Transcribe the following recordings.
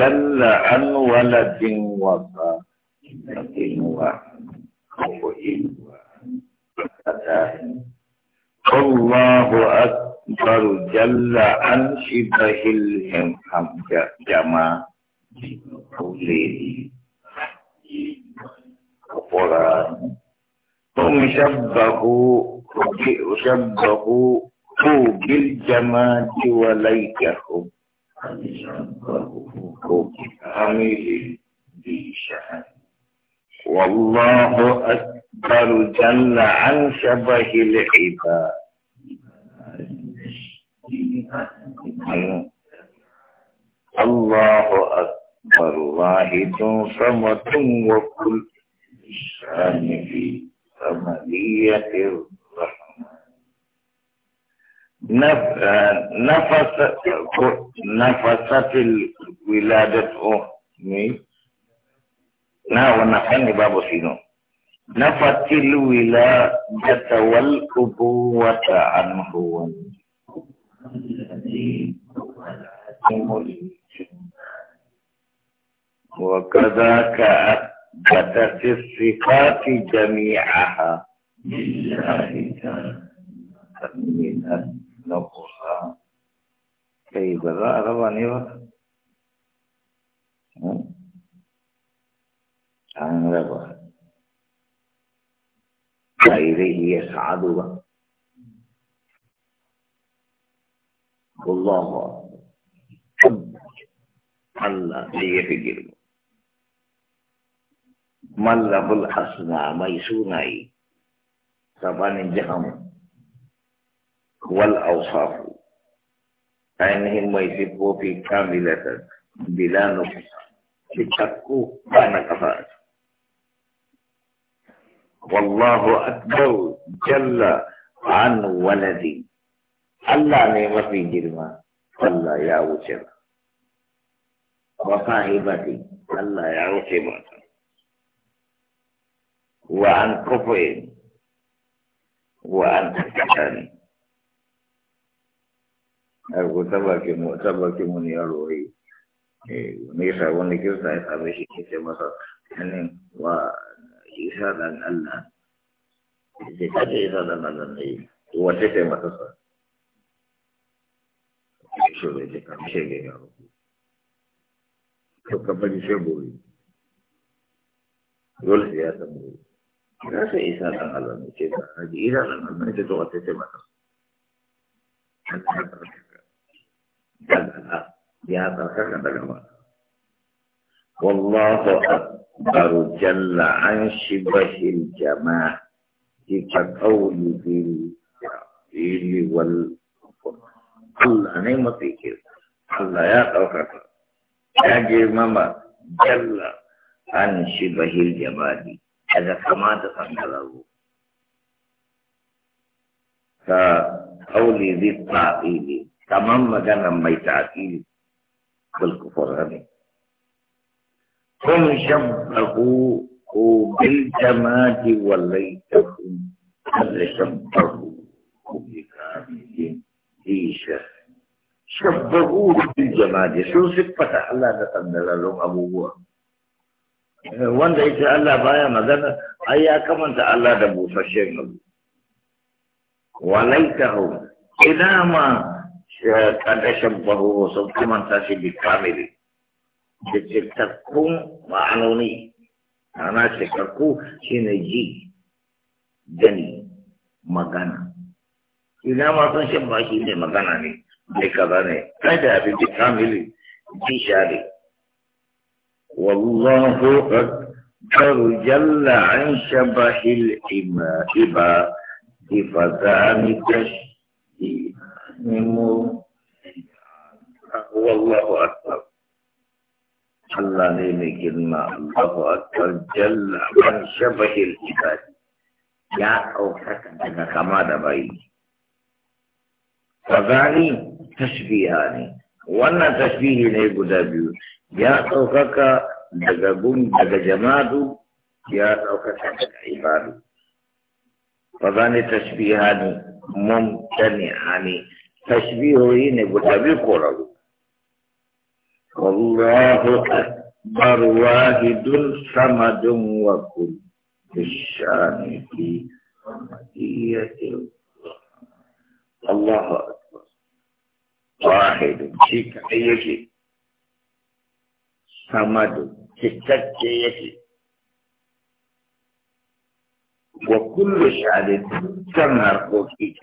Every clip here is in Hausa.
جل عن ولد وفاة الله أكبر جل عن شبه الهمهم جمع قوله القرآن هم شبهوا شبهوا بالجماد وليتهم شبهوا كامل ذي والله أكبر جل عن شبه العباد الله أكبر واحد صمت وكل شأن في ثمانية آه، نفست نفست الولادة أمي نا ونحن باب سينو نفت الولادة والأبوة عنه وكذاك أثبتت الصفات جميعها لله تعالى na kusa kai ba za a raba ne ba an raba ba ilaihi ya sa'adu ba والله Allah sai ya fi girma mallabul hasna mai sunaye sabanin jihamu والأوصاف فإنهم ويسفوا في كاملة بلا نقص تتكوا ونقصات والله أكبر جل عن ولدي ألا نعم في جرما الله يا وجب وصاحبتي ألا يا وجب وعن كفر وعن تكتاني ko tabaki mu tabaki mu ne yaro ne eh, eh, ne yasa wanda kirsa ya same shi ke ce masa hannun wa isa dan Allah da kace isa dan Allah ne wace ce masa sa shi ne da kamshe ga yaro to ka bari sai gobe dole sai ya samu kira sai isa dan Allah ne ce ka isa dan Allah ne ce to wace ce masa sa daga ya tsarkaka daga ba wallahu akbar jalla an shibahil jama'a ka qawli bil ili wal Allah ne mafi ke Allah ya ɗaukaka ya girmama jalla an shibahil jama'a daga kamata sangararru ka قولي ذي التعطيل تمام ما جانا ما يتعقيل بالكفر غني قل شبهه بالجماد وليتهم قل شبهه بكاملين ديشة شبهه بالجماد شو سبت الله نتمنى لهم أبوه وان دعيت الله بايا مدن ايا كمان الله دبو فشيء وليته إذا ما kadashab bahu sub iman tasi bi kamil cikir takung ma'anuni karena cikirku sini ji dan magana ina matan shi ba ne magana ne bai kaza ne kai da abin da kamili ji sha ne wallahu akbar jalla an shabahil ibadi fazani tashi nemo wallahu akbar Allah ne mai girma Allahu akbar jalla man shabahil ibad ya ɗaukaka daga kama da bayi fazani tashbiha ne wannan tashbihi ne guda biyu ya ɗaukaka daga gun daga jamadu ya ɗaukaka daga ibadu fazani tashbiha ne mumtani'a ne تشبيهه نبتبه قرر والله أكبر واحد صمد وكل الشان في مدية الله أكبر واحد شيك أيكي صمد شكك أيكي وكل شان تنهر قوتي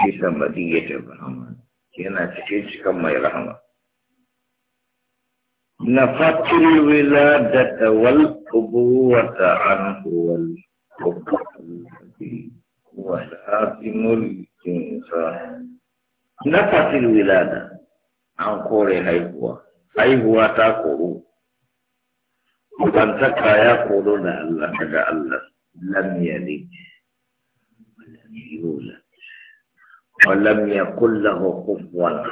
bisa madiya da cikin cikan mai rahama na fatil wila da tawal kubuwata an kuwal kubuwatsimul na fatil wila an kore haihuwa ta koro kubantaka ya koro da allah daga allah lam yalid wala ولم يكن له كفوا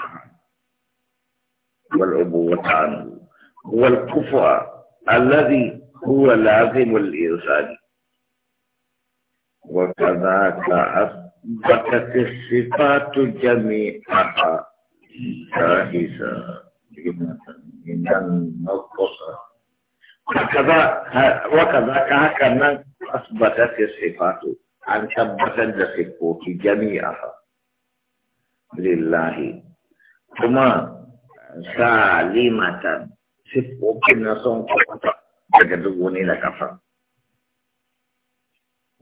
والعبوة عنه هو الكفوة الذي هو لازم الإنسان وكذاك أثبتت الصفات جميعها جاهزة من النقص وكذا وكذاك هكذا أثبتت الصفات أن ثبتت الصفات جميعها lillahi kuma salimatan siffofin na son kwata daga dubu ne da kafa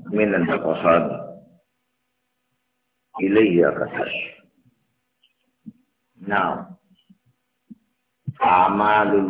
minan da kwasani ilayya ka tashi na amalul